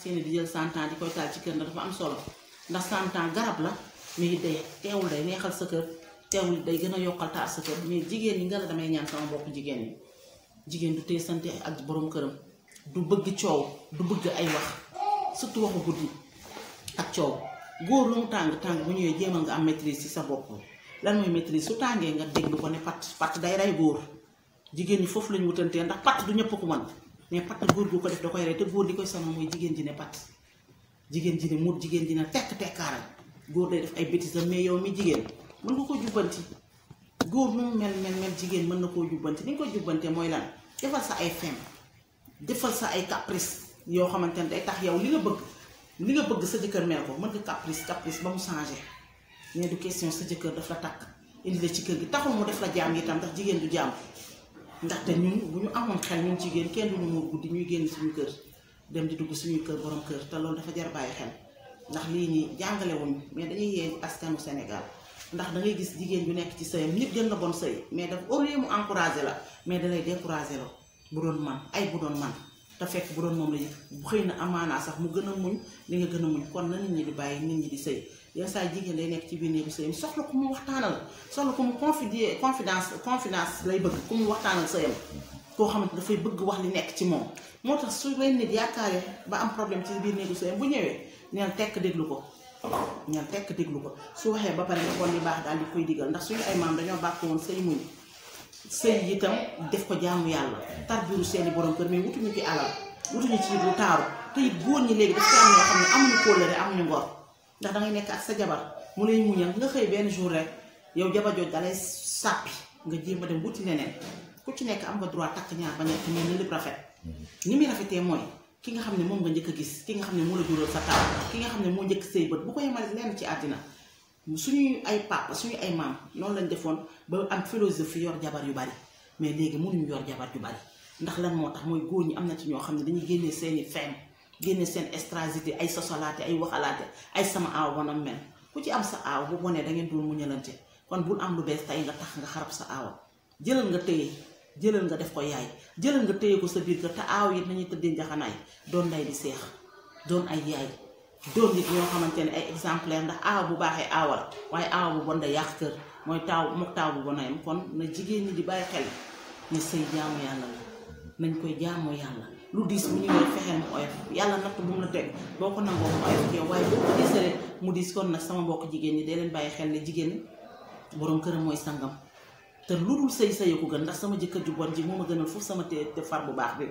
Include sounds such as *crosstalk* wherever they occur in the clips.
seeni di jël santaan di koy taal ci kër na dafa am solo ndax santaan garab la mais day teewul day neexal sa kër teewul day gën a yokkal taal sa kër mais jigéen ñi nga la damay ñaan sama mbokk jigéen ñi jigéen du tey sante ak boroom këram du bëgg coow du bëgg ay wax surtout waxu guddi ak coow góor lu mu tàng tàng bu ñëwee jéemal nga am maîtrise ci sa bopp lan mooy maîtrise su tàngee nga déglu ko ne pat patt day rey góor jigéen ñi foofu lañu wutantee ndax pat du ñëpp ko mën mais patt góor gu ko def da koy rey te góor li koy sonal mooy jigéen ji ne patt jigéen ji ne muut jigéen ji ne tekk tekkaaral góor day def ay bêtises mais yow mi jigéen mën nga ko jubbanti góor nu mu mel mel mel jigéen mën na koo jubbanti ni nga ko jubbante mooy lan defal sa ay fin defal sa ay caprice yoo xamante ne day tax yow li nga bëgg li nga bëgg sa jëkkër mel ko mën nga caprice caprice ba mu changé mais du question sa jëkkër daf la takk indi la ci kër gi taxul mu def la jaam yi ndax jigéen du jaam ndaxte ñun bu ñu amoon xel ñun jigéen kenn duñu moo guddi ñuy génn suñu kër dem di dugg suñu kër borom kër te loolu dafa jar bàyyi xel ndax lii ñi jàngale wuñ mais dañuy yee askanu Sénégal ndax da gis jigéen bu nekk ci sëyam nit gën na bon sëy mais daf au lieu mu encouragé la mais dalay découragé la bu doon man ay bu doon man te fekk bu doon moom la yëg xëy na amaanaa sax mu gën a muñ li nga gën a muñ kon na nit ñi di bàyyi nit ñi di sëy yow saa jigéen lay nekk ci biir néegu sëyam soxla ku mu waxtaanal soxla ku mu confidé confidence confidence lay bëgg ku mu waxtaanal sëyam koo ne dafay bëgg wax li nekk ci moom moo tax su leen nit yaakaare ba am problème ci biir néegu sëyam bu ñëwee neen tekk déglu ko ñan tekk déglu ko su waxee ba pare nga kon li baax daal di koy diggal ndax suñu ay maam dañoo bàkk woon mu sëy muñ yi itam def ko jaamu yàlla tarbiru seeni borom kër mais wutuñu ci alal wutuñu ci lu taaru te it góor ñi léegi daf am ñoo xam ne amuñu kóllëre ndax dangay nekk ak sa jabar mu lay muñal nga xëy benn jour rek yow jabar jooj dalay sàppi nga jéem a dem buti leneen ku ci nekk am ba droit takk ñaar ba ñett rafet mm-hmm. ni muy rafetee mooy ki nga xam ne moom nga njëkk a gis ki nga xam ne moo la jural nga xam ne moo njëkk say bët bu ko yemale lenn ci àddina suñuy ay papa suñu ay maam noonu lañ defoon ba am philosophie yor jabar yu bari mais léegi mënuñu yor jabar yu bari ndax lan moo tax mooy góor ñi am na ci ñoo xam ne dañuy génnee seeni feem génne seen extrasité ay sosolaate ay waxalaate ay sama aaw ba mel ku ci am sa aaw bu bonee da ngeen dul muñalante kon bul am lu bees tey nga tax nga xarab sa aawa jëlal nga téye jëlal nga def ko yaay jëlal nga téye ko sa biir kër te aaw yi nañuy tëddee njaxanaay doon nday di seex doon ay yaay doon nit ñoo xamante ne ay exemplaire ndax aaw bu baaxee aawa waaye aaw bu bon da yàq kër mooy taaw mook taaw bu bonayam kon na jigéen ñi di bàyyi xel ne sëy yàlla nañ koy jaamoo yàlla lu diis bu ñëwee fexeel mu oyof yàlla natt bu mu la teg boo ko nangoo mu oyof yow waaye boo ko diisalee mu diis kon nag sama mbokk jigéen ñi dee leen bàyyi xel ne jigéen borom kër mooy sangam te lu dul sëy sëy gën ndax sama jëkkër ju bon ji moo ma gënal foofu sama te far bu baax bi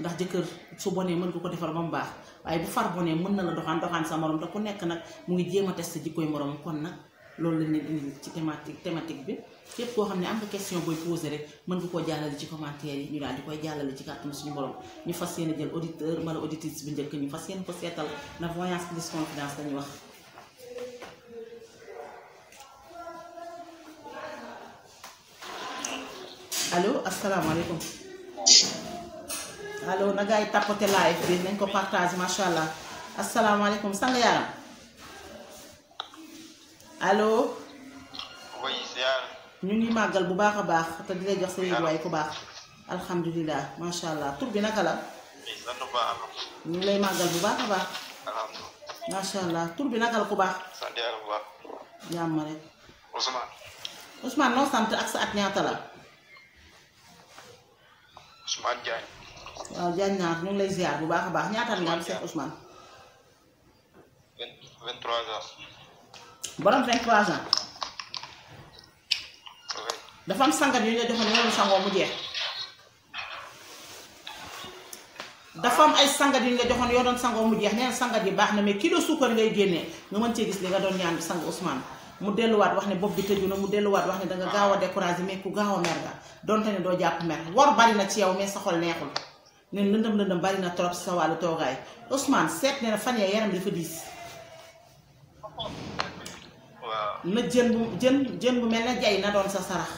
ndax jëkkër su bonee mën nga ko defar ba mu baax waaye bu far bonee mën na la doxaan doxaan sa morom te ku nekk nag mu ngi jéem a test sa jikkooy moroom kon nag loolu lañ leen indi ci thématique thématique bi képp koo xam ne am nga question booy posé rek mën nga koo jàllale ci commentaire yi ñu daal ci kàttanu suñu borom ñu fas yéene jël auditeur mala auditrice bi njëkk ñu fas yéene ko seetal na voyance plus confidence lañu wax allo asalaamaaleykum allo na tapoté live nañ ko partage macha allah asalaamaaleykum sang ñu ngi màggal bu baax a baax te di lay jox sa yëg waaye ku baax alhamdulilah macha allah tur bi naka la. ñu ngi lay màggal bu baax a baax. macha allah tur bi naka la ku baax. sant rek. Ousmane. Ousmane sant ak sa at ñaata la. Ousmane Diagne. waaw Diagne ñaar ñu ngi lay ziar bu baax a baax ñaataat nga am Cheikh Ousmane. vingt vingt trois ans. dafa am sangat yu ñu la joxoon yoonu sangoo mu jeex dafa am ay sangat yu ñu la joxoon yoo doon sangoo mu jeex neen sangat yi baax na mais kilo suukar ngay génne nga mën cee gis li nga doon ñaan bi sang mu delluwaat wax ne bopp bi tëju mu delluwaat wax ne danga gaaw a découragé mais ku gaaw a mer nga donte ne doo jàpp mer war bari na ci yow mais sa xol neexul ne lëndëm lëndëm bari na trop sa wàllu toogaay Ousmane seet ne na fan yaram dafa diis jën bu jën jën mel ne jay na doon sa sarax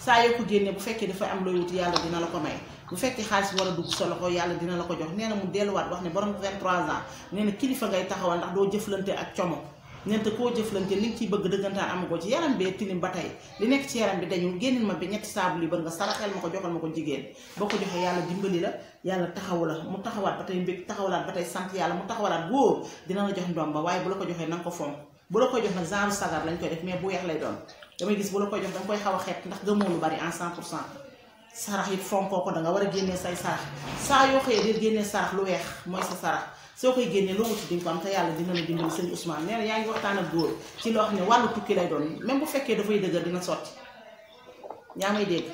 saa yoo ko bu fekkee dafay am looy wuti yàlla dina la ko may bu fekkee xaalis war a dugg sa loxo yàlla dina la ko jox nee mu delluwaat wax ne borom 23 ans nee na kilifa ngay taxawal ndax doo jëflante ak como ñeent koo jëflante li nga ciy bëgg dëggantaan amu ko ci yaram bee tilim ba tey li nekk ci yaram bi dañu génnil ma bi ñetti saabu liibar nga saraxeel ma ko joxal ma ko jigéen boo ko joxee yàlla dimbali la yàlla taxawu la mu taxawaat ba tey mbég taxawalaat ba tey sant yàlla mu taxawalaat wóor dina la jox ndomba waaye bu la ko joxee na ko fonk bu la ko jox nag genre sagar lañ koy def lay doon damay gis bu la koy jox danga koy xaw a xeet ndax gëmoo lu bari en 100 pour cent sarax it fonkoo ko da nga war a génnee say sarax saa yoo xëyee di génnee sarax lu weex mooy sa sarax soo koy génnee loo wuti di nga ko am te yàlla dina la dimbali sëñ Ousmane nee yaa ngi waxtaan ak góor ci loo xam ne wàllu tukki lay doon même bu fekkee dafay dëgër dina sotti yaa may ngi lay dégg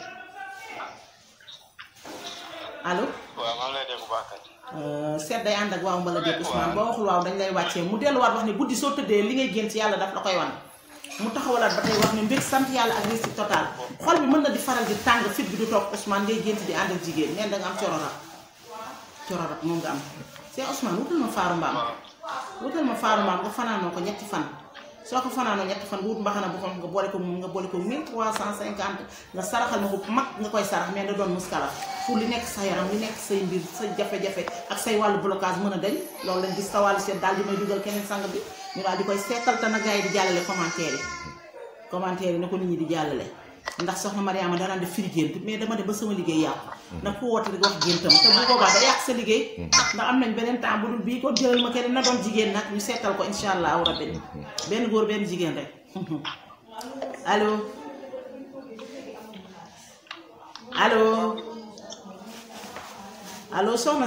bu baax euh, seet day ànd ak waaw mbala dégg Ousmane boo waxul waaw dañ lay wàccee mu delluwaat wax ne guddi soo tëddee li ngay génn ci yàlla daf la koy wan. mu taxawalaat ba tey wax ne mbir sant yàlla ak réussite totale xol bi mën na di faral di tàng fit bi du toog Ousmane ngay gént di ànd ak jigéen neen da nga am cororab cororab moom nga am see Ousmane wutal ma faaru mbaam wutal ma faaru mbaam nga fanaanoo ko ñetti fan soo ko fanaanoo ñetti fan wut mbaxana bu xonq nga boole ko moom nga boole ko 1350 nga saraxal ma ko mag nga koy sarax mais da doon muskala pour li nekk sa yaram li nekk say mbir sa jafe-jafe ak say wàllu blocage mën a dañ loolu lañ gis sa wàllu seet daal dugal keneen sang bi ñu daal di koy seetal te na gars yi di jàllale commentaire yi commentaire yi na ko nit ñi di jàllale ndax soxna Mariama danaan def firi gént mais dama de ba sama liggéey yàqu mm-hmm. ndax ku woote rek wax géntam te bu boobaa da yàq sa liggéey mm-hmm. ndax am nañ beneen temps bu dul bii ko jëlal ma keneen na doon jigéen nag ñu seetal ko insha allahu rabbi mm-hmm. benn góor benn jigéen rek *laughs* allo allo allo soxna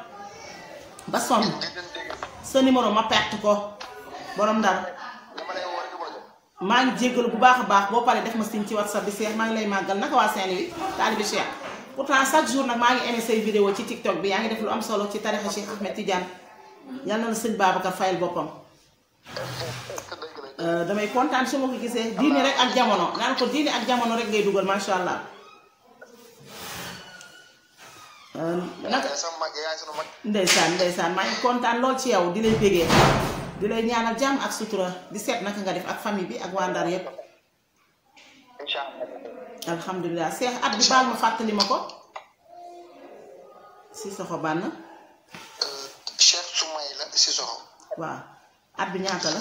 ba sonn sa numéro ma perte ko borom ndar maa ngi jéggalu bu baax a baax boo paree def ma signe ci whatsapp bi Cheikh maa ngi lay màggal naka waa Saint-Louis taalibi Cheikh pourtant chaque jour nag maa ngi aimé say vidéo ci TikTok bi yaa ngi def lu am solo ci tarixa Cheikh Ahmed Tidiane yal na la sëñ Babacar fayal boppam euh, damay kontaan su ma ko gisee diini rek ak jamono naan ko diini ak jamono rek ngay dugal macha allah. Euh, naka ndeysaan ndeysaan maa ngi kontaan lool ci yow di lay bégee du lay ñaanal jàmm ak sutura di seet naka nga def ak famille bi ak waa Ndar yépp alhamdulilah seex at bi baal ma fàttali ma ko si soxo bànn euh, Cheikh Soumaïla si soxo waaw at bi ñaata la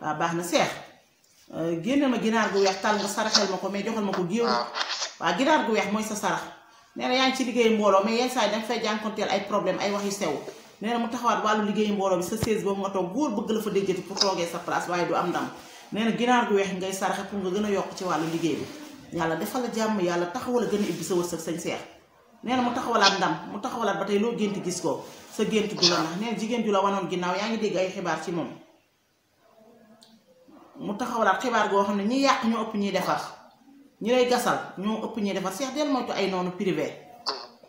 waaw baax na seex euh, génne ma ginaar gu weex tàll nga saraxel ma ko mais joxal ma ko géew waaw ginaar gu weex mooy sa sarax nee na yaa ngi ci liggéeyu mbooloo mais yenn saa yi danga fay jànkonteel ay problème ay wax yu sew nee na mu taxawaat wàllu liggéeyu mbooloo bi sa siège boobu nga toog góor la fa déjjati pour toogee sa place waaye du am ndam nee na ginaar gu weex ngay saraxe pour nga gën a yokk ci wàllu liggéey bi yàlla defal la jàmm yàlla taxawal a gën a ibbi sa wërsëg sañ seex nee na mu taxawalaat ndam mu taxawalaat ba tey loo gént gis koo sa gént du la jigéen ju la wanoon ginnaaw yaa ngi dégg ay xibaar ci moom mu taxawalaat xibaar goo xam ne ñi yàq ñu ñuy defar ñi lay gasal ñoo ëpp ñuy defar seex del moytu ay noonu privé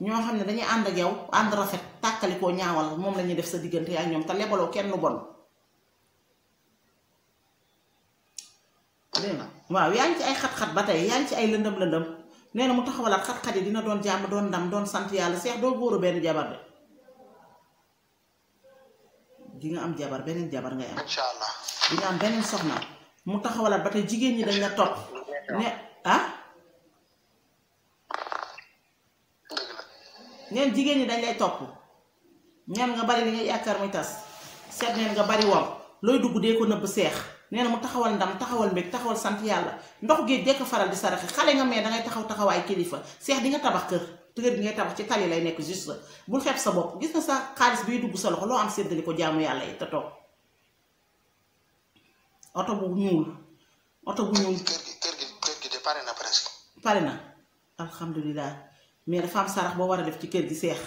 ñoo xam ne dañuy ànd ak yow ànd rafet tàkkalikoo ñaawal moom la ñuy def sa diggante ak ñoom te lebaloo kenn lu bon dégg waaw yaa ngi ci ay xat-xat ba tey yaa ngi ci ay lëndëm-lëndëm nee na mu taxawalaat xat-xat yi dina doon jàmm doon ndam doon sant yàlla seex doo góoru benn jabar de di nga am jabar beneen jabar ngay am. di nga am beneen soxna mu taxawalaat ba tey jigéen ñi dañ la topp ah neen jigéen ñi dañ lay topp neen nga bari li nga yaakaar muy tas seet neen nga bari wom looy dugg dee ko nëbb seex neen na mu taxawal ndam taxawal mbég taxawal sant yàlla ndox géej dekk faral di saraxe xale nga mais dangay taxaw taxawaay kilifa seex di nga tabax kër tëgër gi ngay tabax ci tali lay nekk juste bul xeeb sa bopp gis nga sa xaalis biy dugg sa loxo loo am séddali ko jaamu yàlla yi te toog oto bu ñuul oto bu ñuul pare na presque. pare na alhamdulilah mais dafa am sarax boo war a def ci kër gi seex.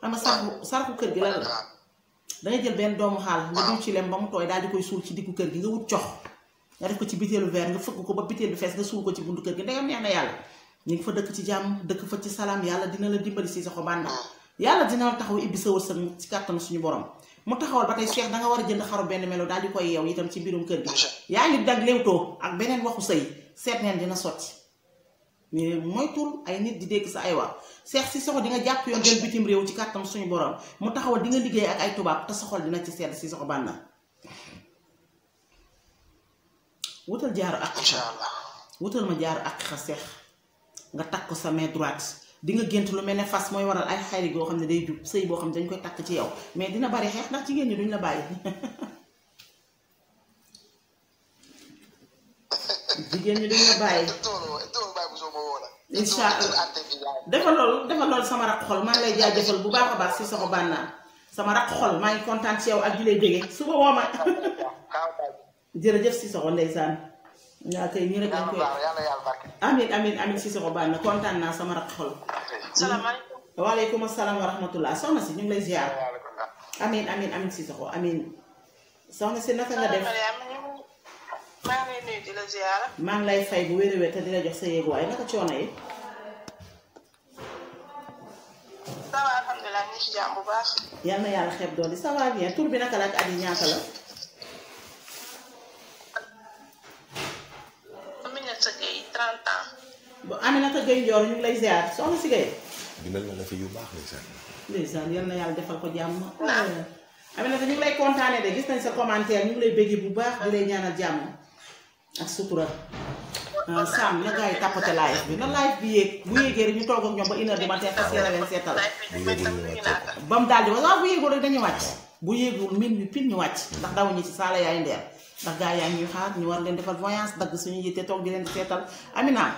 xam nga saraxu ah. saraxu kër gi la. Ah. da ngay jël benn doomu xaal. nga ah. diw ci lem ba mu tooy daal di koy suul ci diggu kër gi nga wut cox. nga def ko ci bitéelu veer nga fëgg ko ba bitéel bi fees nga suul ko ci buntu kër gi ndegam neex na yàlla. ñu ngi fa dëkk ci jàmm dëkk fa ci salaam yàlla dina la dimbali si sa xobaan yàlla dina la taxaw ibbi sa wërsëg ci kàttanu suñu borom mu taxawal ba tey Cheikh da nga war a jënd xaru benn melo daal di koy yeew itam ci mbirum kër gi yaa ngi dag léewtoo ak beneen waxu sëy seet neen dina sotti mooy moytul ay nit di dégg sa ay wax seex si soxo di nga jàpp yoon del bitim réew ci kàttam suñu borom mu taxawal di nga liggéey ak ay tubaab te soxol dina ci sedd si soxo bànna wutal jaaru ak wutal ma jaaru ak xa seex nga takk ko sa main droite di nga gént lu mel ne fas mooy waral ay xayri goo xam ne day jub sëy boo xam ne dañ koy takk ci yow mais dina bari xeex ndax jigéen ñi duñ la bàyyi *laughs* jigéen ñi dañu la bàyyi. incha allah dafa loolu dafa loolu sama rakk xol maa ngi lay jaajëfal bu baax a baax si soxo bànnaan sama rakk xol maa ngi kontaan ci yow ak di lay déggee suba woo ma jërëjëf si soxo ndeysaan waaw kay ñu rek amin amin amin si soxo bànnaan kontaan naa sama rakk xol. salaamaaleykum salaam wa rahmatullah soxna si ñu ngi lay amin amin si soxo amin soxna si naka nga def. maa lay maa ngi lay fay bu wér wér te di la jox sa yéeguwaay naka coono yi. ça va alhamdulilah ñu ci jàmm bu baax. yal na yàlla xeeb doon di ça va bien bi naka la ak at yi la. Aminata Gueye 30 ans. ba Aminata Gueye Ndior la fi yu baax ndeysaan. ndeysaan yal na yàlla defal ko jàmm. naam Aminata ñu lay kontaanee de gis nañ sa commentaire ñu lay bëgg bu baax di lay ñaanal jàmm. ak sutura euh, Sam na gars yi tàppate live bi na live bi yéeg bu yéegee rek ñu toog ak ñoom ba une heure du matin fas yéene leen seetal ba mu daal waaw ah, bu yéegoo rek dañuy wàcc bu yéegul min bi pil ñu wàcc ndax dawuñu ci saala yaay ndeer ndax gars yaa ñuy xaar ñu war leen defal voyance dagg suñu yitte toog di leen seetal Amina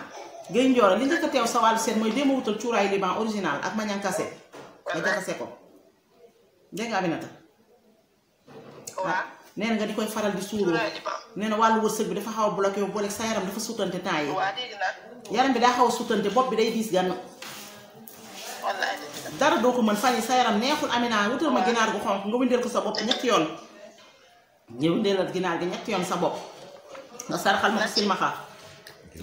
Guèye Ndioro li njëkk a teew sa wàllu seen mooy démb wutal cuuraayu liban original ak mañankase nga jaxase ko dégg nga Aminata neen nga di koy faral di suuroo nee na wàllu wërsëg bi dafa xaw a bloqué wu boole sa yaram dafa suutante temps yi yaram bi daa xaw a suutante bopp bi day diis gan dara doo ko mën fan yi sa yaram neexul Amina wutal ma ginaar gu xonq nga windeel ko sa bopp ñetti yoon nga windeelal ginaar gi ñetti yoon sa bopp nga saraxal ma ko silmaxa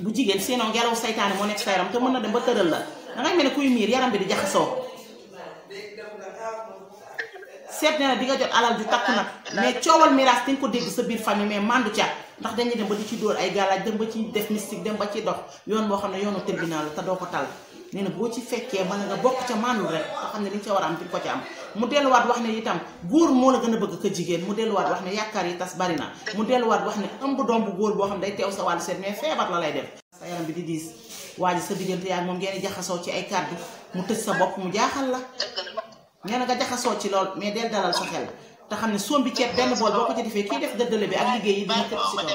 bu jigéen sinon ngelaw saytaane moo nekk sa yaram te mën na dem ba tëral la dangay mel ne kuy miir yaram bi di jaxasoo seet na di nga jot alal ju takk nag mais coowal miraas di ko dégg sa biir famille mais mandu ca ndax dañuy dem ba di ci dóor ay galaaj dem ba ci def mystique dem ba ci dox yoon boo xam ne yoonu tribunal la te doo ko tal nee na boo ci fekkee mën nga bokk ca maanul rek a am di ko mu delluwaat wax ne itam góor moo la gën a bëgg ko jigéen mu delluwaat wax ne yaakaar yi tas bari na mu delluwaat wax ne ëmb doom bu góor boo xam day teew sa wàllu seet mais feebar la lay def sa yaram bi di diis waa ji sa la nee na nga jaxasoo ci lool mais del dalal sa xel te xam ne soom bi ceeb benn bool boo ko ci defee kii def dëddale bi ak liggéey yi dina tëb si lool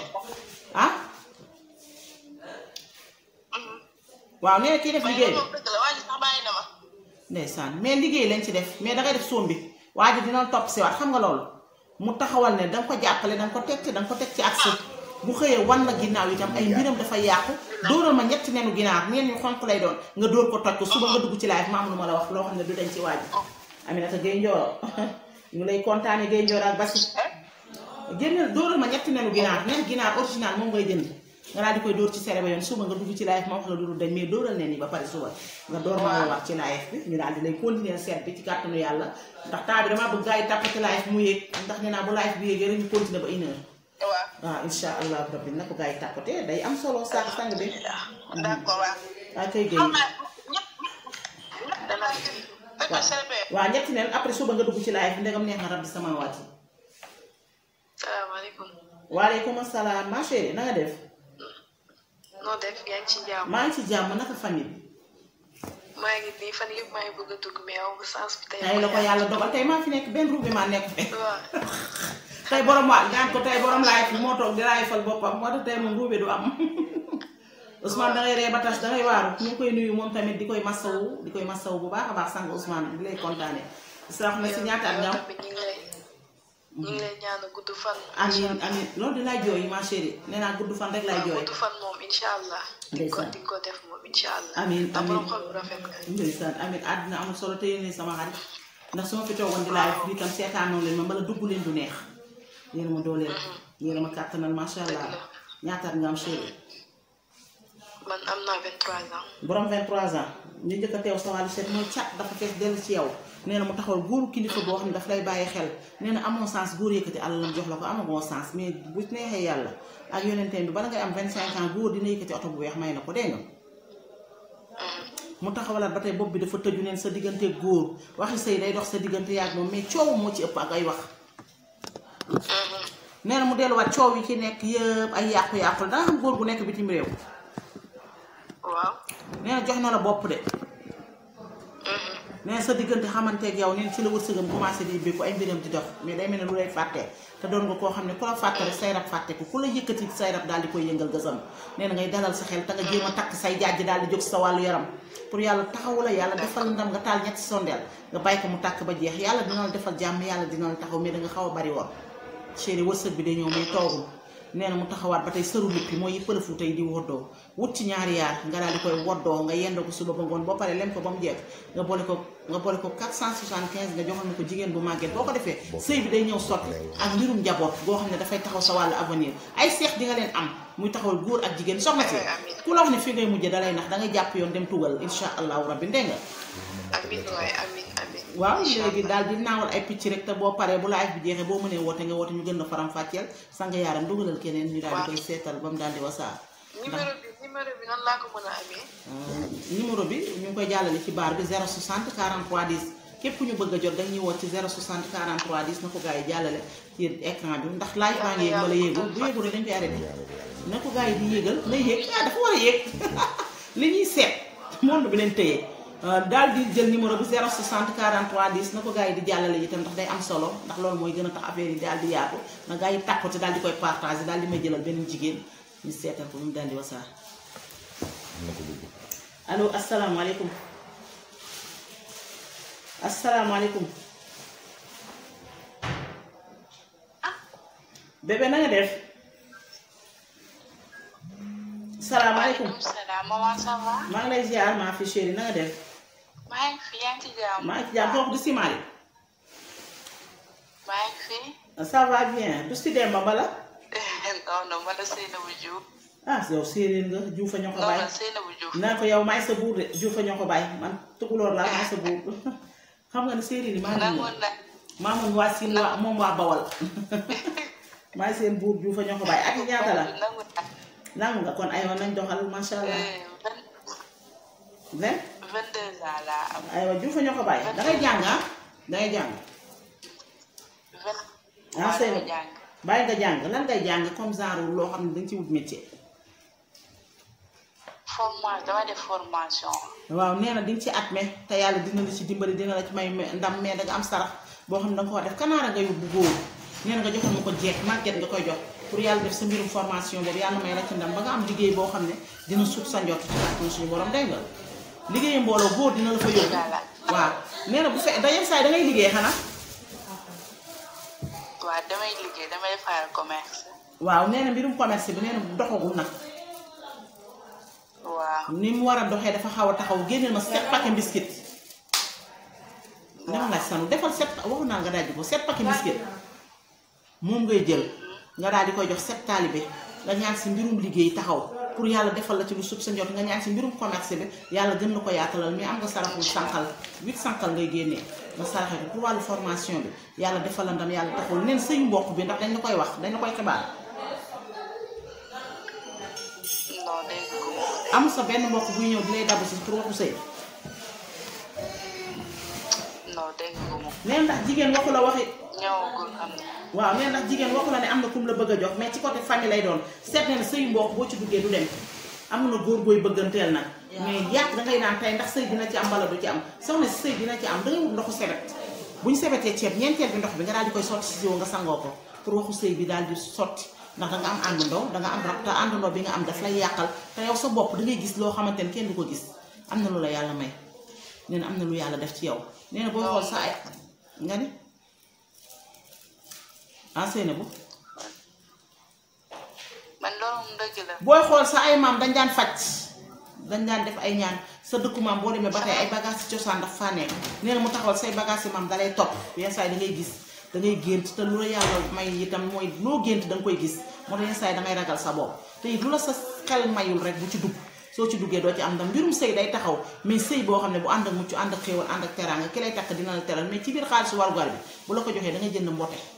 ah waaw nee na kii def liggéey bi ndeysaan mais liggéey lañ ci def mais dangay def soom bi waa ji dina topp si waat xam nga loolu mu taxawal ne danga ko jàppale danga ko teg danga ko si ci accès bu xëyee wan la ginnaaw itam ay mbiram dafa yàqu dóoral ma ñetti nenu ginaar neen ñu xonq lay doon nga dóor ko toj ko suba nga dugg ci laay maam lu ma la wax loo xam ne du dañ ci waaj Aminata Gueye Ndioro *laughs* ñu lay kontaane Gueye Ndioro ak Basi génneel dóoral ma ñetti nenu ginaar nen ginaar original moom ngay jënd nga daal di koy dóor ci sere ba yoon nga dugg ci live ma wax la dudul dañ mais ba pare suba nga door ñu daal di lay continuer seet bi ci kàttanu yàlla ndax temps bi damaa bëgg gars mu yéeg ndax nee naa bu live bi yéegee rek ñu continuer ba une heure waaw ah, incha allah rabbi na ko gars yi day am solo sax sang bi d'accord waaw mm. ah, kay génn waa ñetti neen après suba nga dugg ci live bi ndegam neex na rabbi sama waat yi. salaamaaleykum. waaleykum salaam ma chérie na nga def. noo def yaa ngi ci jàmm. maa ngi ci jàmm naka famille. maa ngi nii fan yëpp maa ngi bëgg a dugg mais aw sens bi tey. la ko yàlla dogal tey maa fi nekk benn ruub bi maa nekk fi. waaw. tey borom waat nga ko tey borom live bi moo toog di live-al boppam moo tax tey moom ruube du am. Ousmane da ngay ree ba tas da ngay waaru ñu koy nuyu moom tamit di koy masawu di koy bu baax a baax sànq Ousmane di lay kontaanee. islam na si ñaata at ñu ngi lay ñaan gudd fan. amiin amiin loolu di laay ma chérie naa gudd fan rek laay jooy. gudd fan moom allah. di ko def moom incha allah. solo téye ne sama xarit ndax su ma fi toogoon di dugg leen du neex. yéen a ma mm-hmm. ñaataat nga am chérie man am naa 23 ans. borom 23 ans ñu njëkk a teew sa wàllu seet mooy cat dafa fees dellu ci yow nee na mu taxawal góoru kilifa boo xam ne daf lay bàyyi xel nee na amoo sens góor yëkkati alalam jox la ko amoo sens mais yàlla ak yonenteen bi bala ngay am 25 ans góor dina yëkkati oto bu weex may na ko dégg nga. Mm-hmm. mu taxawalaat ba tey bopp bi dafa tëju neen sa diggante góor waxi sëy day dox sa diggante yaag moom mais coow moo ci ëpp ak ay wax. Mm-hmm. nee na mu delluwaat coow yi ci nekk yëpp ay yàqu-yàqu la danga xam góor gu nekk bitim réew. waaw nee jox na la bopp de. nee sa diggante xamanteeg yow neen ci la wërsëgam commencé di béy ko ay mbiram di dox mais day mel ne lu lay fàtte te doon nga koo xam ne ku la fàtte rek say rab fàtte ko ku la yëkkati say rab daal di koy yëngal gësam nee ngay dalal sa xel te nga jéem a takk say jaaj daal di jóg sa wàllu yaram pour yàlla taxawu la yàlla defal ndam nga taal ñetti sondeel nga bàyyi ko mu tàkk ba jeex yàlla dina la defal jàmm yàlla dina la taxaw mais xaw bari woon nee na mu taxawaat ba tey sëru luppi mooy yi përëfu tey di woddoo wut ci ñaari yaar nga daal di koy woddoo nga yend ko suba ba ngoon boo paree lem ko ba mu jeex nga boole ko nga boole ko 475 nga joxal ma ko jigéen bu màgget boo ko defee sëy bi day ñëw sotti ak mbirum njaboot goo xam ne dafay taxaw sa wàllu avenir ay seex di leen am muy taxawal góor ak jigéen soxna si ku la wax ne fi ngay mujje dalay nax da jàpp yoon dem tugal insha allahu rabbi ndé nga amin waay amin waaw léegi daal di naawal ay picc rek te boo paree bu live bi jeexee boo mënee woote nga woote ñu gën la faram-fàcceel sang yaaram dugalal keneen ñu daal di koy seetal ba mu daal wasaar numéro bi numéro euh, ñu ngi koy jàllale ci baar bi 060 43 10 képp ku ñu bëgg a jot dañ ñuy woote ci 060 43 10 na ko gars yi jàllale ci écran bi ndax live baa ngi yéeg wala yéegul bu yéegul rek dañ ko gars yi di yéegal lay yéeg ah, *laughs* li ñuy seet monde bi leen tëyee Euh, daal di jël numéro bi 060 43 10 na ko gars yi di jàllale itam ndax day am solo ndax loolu mooy gën a tax affaire yi daal di yaatu na gars yi tàkku ci daal di koy partagé daal di may jëlal beneen jigéen ñu seetal ko mu daal di wasaar. allo asalaamaaleykum. asalaamaaleykum. Ah. bébé na nga def. salaamaaleykum. maa ngi lay ziar maa fi chéri na nga def. maa ngi fi yaa du si du si Demba Bala. *laughs* non non Bala Seynabou ah yow séeréer nga Diouf a ñoo ko bàyyi. naa ko yow maay sa buur de Diouf a ñoo ko bàyyi man tukulóor laa maay sa buur *laughs* xam nga ne séeréer yi. maa ngi waa Siin waa moom waa Bawal. *laughs* maay seen buur Diouf a ñoo ko bàyyi ak ñaata nangu nga kon aywa nañ doxal macha allah. vingt. Eh, 22 ans laa am. aywa Diouf ñoo ko bàyyi da ngay jàng ah da ngay jàng. vingt ah, jàng bàyyi nga loo xam ne dañ ci wut métier. formation dama def formation. waaw nee na di nga ci at me te yàlla dina la ci dimbali dina la ci may ndam mais danga am sarax boo xam ne danga ko def kanaara nga yóbbu góor nee na nga joxoon ma ko jeeg màgget nga koy jox pour yàlla def sa mbirum formation boobu yàlla may la ndam ba nga am liggéey boo xam ne dina suuf sa njort ci kàttan suñu borom dégg liggéeyu mbooloo góor dina la fa yóbbu. waaw nee na bu fekkee da yenn saa yi da liggéey xanaa. waaw damay waaw nee na mbirum commerce bi nee doxagu doxagul nag. ni mu war a doxee dafa xaw a taxaw génneel ma sept paquet biscuit. waaw nga sanu defal sept waxu naa nga dajji ko sept paquet biscuit moom ngay jël nga daal di ko jox sept taalibe nga ñaan si mbirum liggéey taxaw. pour yàlla defal la ci lu sut sa njot nga ñaan si mbirum commerce bi yàlla gën na ko yaatalal mais am nga saraxul sànqal huit sànqal ngay génne nga saraxe pour wàllu formation bi yàlla defal la ndam yàlla taxul neen sëy mbokk bi ndax dañ la koy wax dañ la koy xibaar amul sa benn mbokk buy ñëw di lay dabu si pour waxu sëy neen ndax jigéen waxu la waxi ñëwagul am na. waaw mais ndax jigéen waxu ne am na kum la bëgg a jox mais ci côté famille lay doon seet na ne sëyu mbokk boo ci duggee du dem am na góor gooy bëgganteel nag. mais yàq da ngay naan tey ndax sëy dina ci am wala du ci am soxna si sëy dina ci am da ngay wut ndoxu bu ñu sebetee ceeb ñeenteel bi ndox bi nga daal di koy sotti si nga sangoo ko pour waxu bi daal di sotti ndax da nga am àndandoo am rab te bi nga am daf lay yàqal te yow sa bopp da ngay gis loo xamante ne kenn du ko gis am na lu la yàlla may nee na am na lu yàlla def ci yow nee na xool sa ay nga ni enseigné bu man loolu moom la. booy xool sa ay maam dañ daan faj dañ daan def ay ñaan sa dëkku maam boo demee ba tey ay bagages ci cosaan dafa faa nekk nee na mu taxawal say bagages yi maam dalay topp yenn saa da ngay gis da ngay gént te lu la yàlla may itam mooy loo gént da nga koy gis moo tax yenn saa damay ragal sa bopp te it lu la sa xel mayul rek bu ci dugg. soo ci duggee doo ci am ndam mbirum sëy day taxaw mais sëy boo xam ne bu ànd ak mucc ànd ak xéewal ànd ak teraanga ki lay takk dina la teral mais ci biir xaalisu warugar bi bu la ko joxee da jënd mboote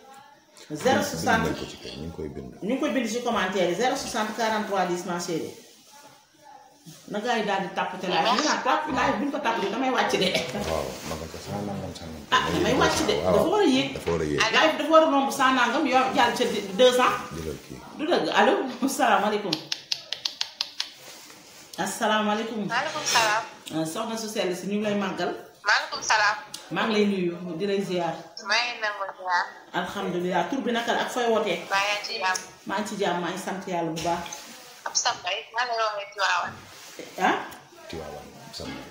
060 ñu ngi koy bind ñu ngi koy bind ci commentaire yi daal di tàpp te laaj ñu naan ko tàpp de damay wàcc de. ah damay wàcc de dafa war a yéeg. dafa war a yéeg laaj ah, dafa war a romb saa nangam yor jàll ca deux ans. du dëgg allo. salaamaaleykum. asalaamaaleykum. maaleykum salaam. Ah, soxna su sell si ñu ngi lay màggal. maaleykum salaam. maa ngi lay nuyu di lay ziar. maa ngi tur bi naka la ak fooy wootee. maa ngi ci jàmm. maa ngi ci yàlla bu baax. ah. Tiwaawan ab sambay.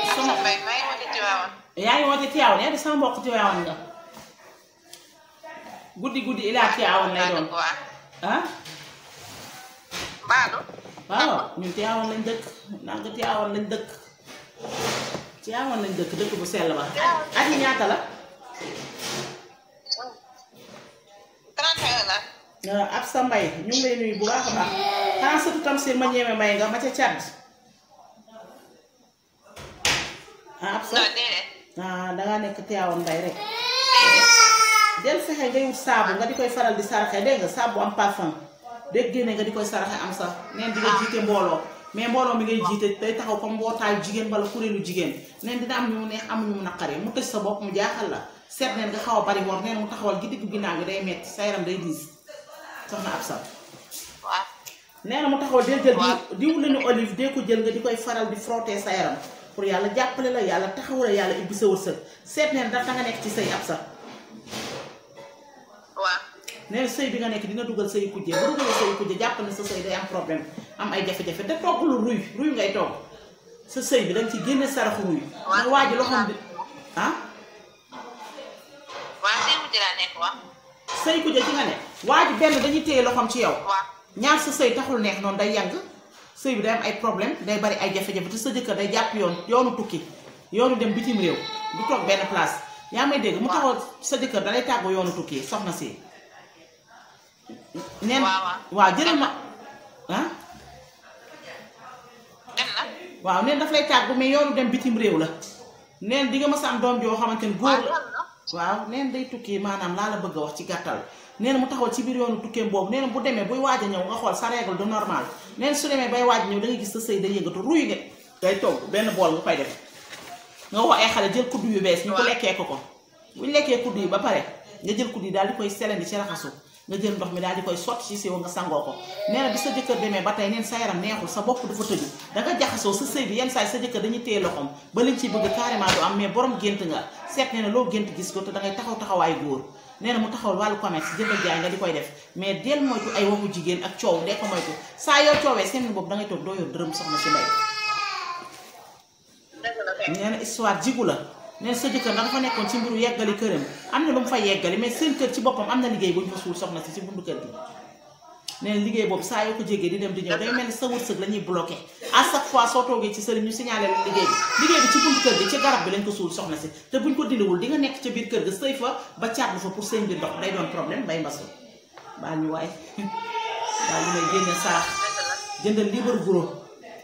ab sambay maa ngi wootee Tiwaawan. yaa Tiwaawan nga. guddi guddi ilaa Tiwaawan lay doon. Ah? waaw ñun Tiwaawan lañ dëkk naan Tiwaawan lañ dëkk. Tiwaawan nañ dëkk dëkk bu sell ba at yi ñaata la. 31 la. Euh, ab sa mbay ñu ngi nuyu bu baax a baax xanaa surtout tam si ma ñeeme mbay nga ma ca càdd. ah ab sa ah dangaa nekk Tiwaawan mbay rek. den fexe ngay wut saabu nga di koy faral di saraxe dégg nga saabu am parfum dégg génne nga di koy saraxe am sax neen di jiite mbooloo. mais mbooloo mi ngay jiite day taxaw comme mbootaayu jigéen bala kuréelu jigéen neen dina am ni mu neex amuñu mu naqaree mu tëj sa bopp mu jaaxal la seet neen nga xaw a bari woor neen mu taxawal gi diggu ginnaaw gi day metti sa yaram day diis soxna ab sal nee na mu taxawal dee jël diw lañu olive dee ko jël nga di koy faral di frotter sa yaram pour yàlla jàppale la yàlla taxawu la yàlla ubbi sa wërsëg seet neen da nga nekk ci say ab sal neen sëy bi nga nekk dina dugal sëy kujje bu dugalee sëy kujje jàpp na sa sëy day am problème am ay jafe-jafe te togg lu ruy ruy ngay togg sa sëy dañ ci génne saraxu ruy bi ah waaw sëy kujje ci nga ne waaj benn dañuy téye loxoom ci yow ñaar sa sëy taxul neex noonu day yàgg sëy bi day am ay problème day bari ay jafe-jafe te sa jëkkër day jàpp yoon yoonu tukki yoonu dem bitim réew du toog benn place yaa may dégg mu taxaw sa jëkkër dalay tàggu yoonu tukki soxna si nee na waaw jëlal ma ah. waaw neen daf lay tàggu mais yoonu dem bitim réew la neen di nga ma sàmm doom joo xamante ni góor la waaw neen day tukki maanaam laa la bëgg a wax ci gàttal neen mu taxawal ci biir yoonu tukkeem boobu neen bu demee buy waaj a ñëw nga xool sa règle du normal neen su demee bay waaj a ñëw da gis sa sëy day yëngatu ruy ne day togg benn bool nga koy def nga woo ay xale jël kudd yu bees ñu ko lekkee ko ko ñu lekkee kudd yi ba pare nga jël kudd daal di koy selandi ci raxasu nga jël ndox mi daal di koy sotti ci siwo nga sangoo ko nee na bi sa jëkkër demee ba tey neen sa yaram neexul sa bopp dafa tëju da jaxasoo sa sëy bi yenn saay sa jëkkër dañuy téye loxoom ba liñ ciy bëgg carrément du am mais borom gént nga seet gént gis ko te da ngay taxaw taxawaay góor nee mu taxawal wàllu commerce jënd jaay nga di koy def mais del moytu ay waxu jigéen ak coow dee ko moytu saa yoo coowee seen boobu da ngay toog doo yor dërëm soxna si mbay nee na histoire jigu la neen sa jëkkër dafa nekkoon ci mbiru yeggali këram am na lu mu fa yeggali mais seen kër ci boppam am na liggéey bu ñu fa suul soxna si ci bundu kër gi neen liggéey boobu saa yoo ko jegee di dem di ñëw day mel ni sa wërsëg la ñuy bloqué à chaque fois soo toogee ci sëriñ ñu signalé la liggéey bi liggéey bi ci bundu kër gi ci garab bi lañ ko suul soxna si te buñ ko dindiwul di nga nekk ca biir kër ga sëy fa ba caatlu fa pour seen biir ndox day doon problème bay mbasul baal ñu waay daal li may génne saax jëndal liibar guro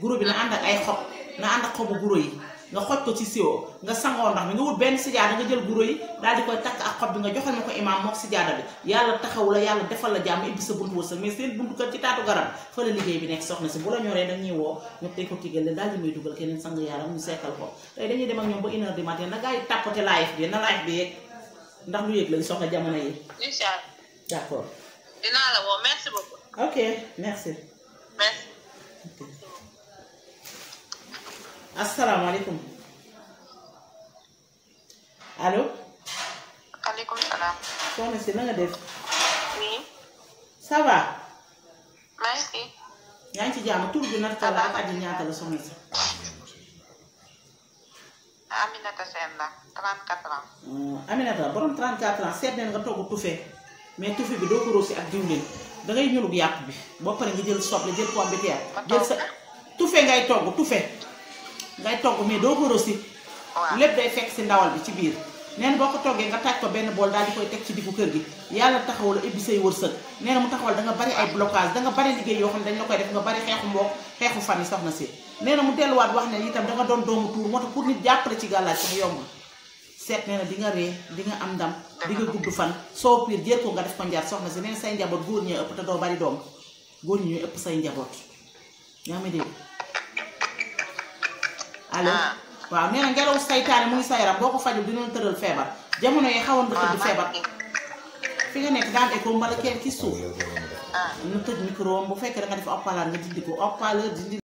guro bi na ànd ak ay xob na ànd ak yi nga xoj ko ci siwo nga sangoo ndax mi nga wut benn sijaada nga jël guro yi daal di koy takk ak xob bi nga joxal ma ko imaam mook sijaada bi yàlla taxaw la yàlla defal la jàmm ibbi sa buntu wërsëg mais seen buntu kër ci taatu garab fa la liggéey bi nekk soxna si bu la ñoree nag ñuy woo ñu tey ko tigal leen daal di muy dugal keneen sang yàlla mu sekkal ko tey dañuy dem ak ñoom ba une heure du matin na gaa yi tàppate live bi na live bi yeeg ndax lu yëg jamono yi. incha allah d' accord. dinaa la woo asalaamaaleykum allo. maaleykum salaam. soxna si na nga def. oui. ça va. maa ngi yaa ngi ci jàmm tur bi naka la ak aji ñaata la soxna si. Aminata Sène la 34 ans. Euh, Aminata borom 34 ans seet neen nga togg tufe mais tufe bi doo ko rosi ak diwlin da ngay yàpp bi boo paree nga jël soble jël pomme de terre jël sa tufe ngay togg tufe. ngay togg mais doo ko rosi lépp day fekk si ndawal bi ci biir neen boo ko toggee nga taaj ko benn bool daal di koy teg ci diggu kër gi yàlla taxawal ibbi say wërsëg nee na mu taxawal da nga bari ay bari liggéey yoo xam ne dañ la koy def nga bari xeexu mbokk xeexu famille soxna si nee na mu delluwaat wax ne itam da nga doon doomu tuur moo tax pour nit jàppale ci gàllaaj sax seet nee na di nga ree di nga am ndam di nga gudd fan soo piir nga def ko njaar soxna si nee na say góor ñee ëpp te doo bari doom góor ñi ëpp say njaboot yaa ngi dégg allo ah. waaw nee na ngelaw saytaane mu ngi sa yaram boo ko fajul dinañ tëral feebar jamono yi xawoon nga tëdd feebar fi nga nekk daan écho mbala kenn ci suuf. Ah. nu tëj micro am bu fekkee da nga def haut nga dindi ko haut dindi.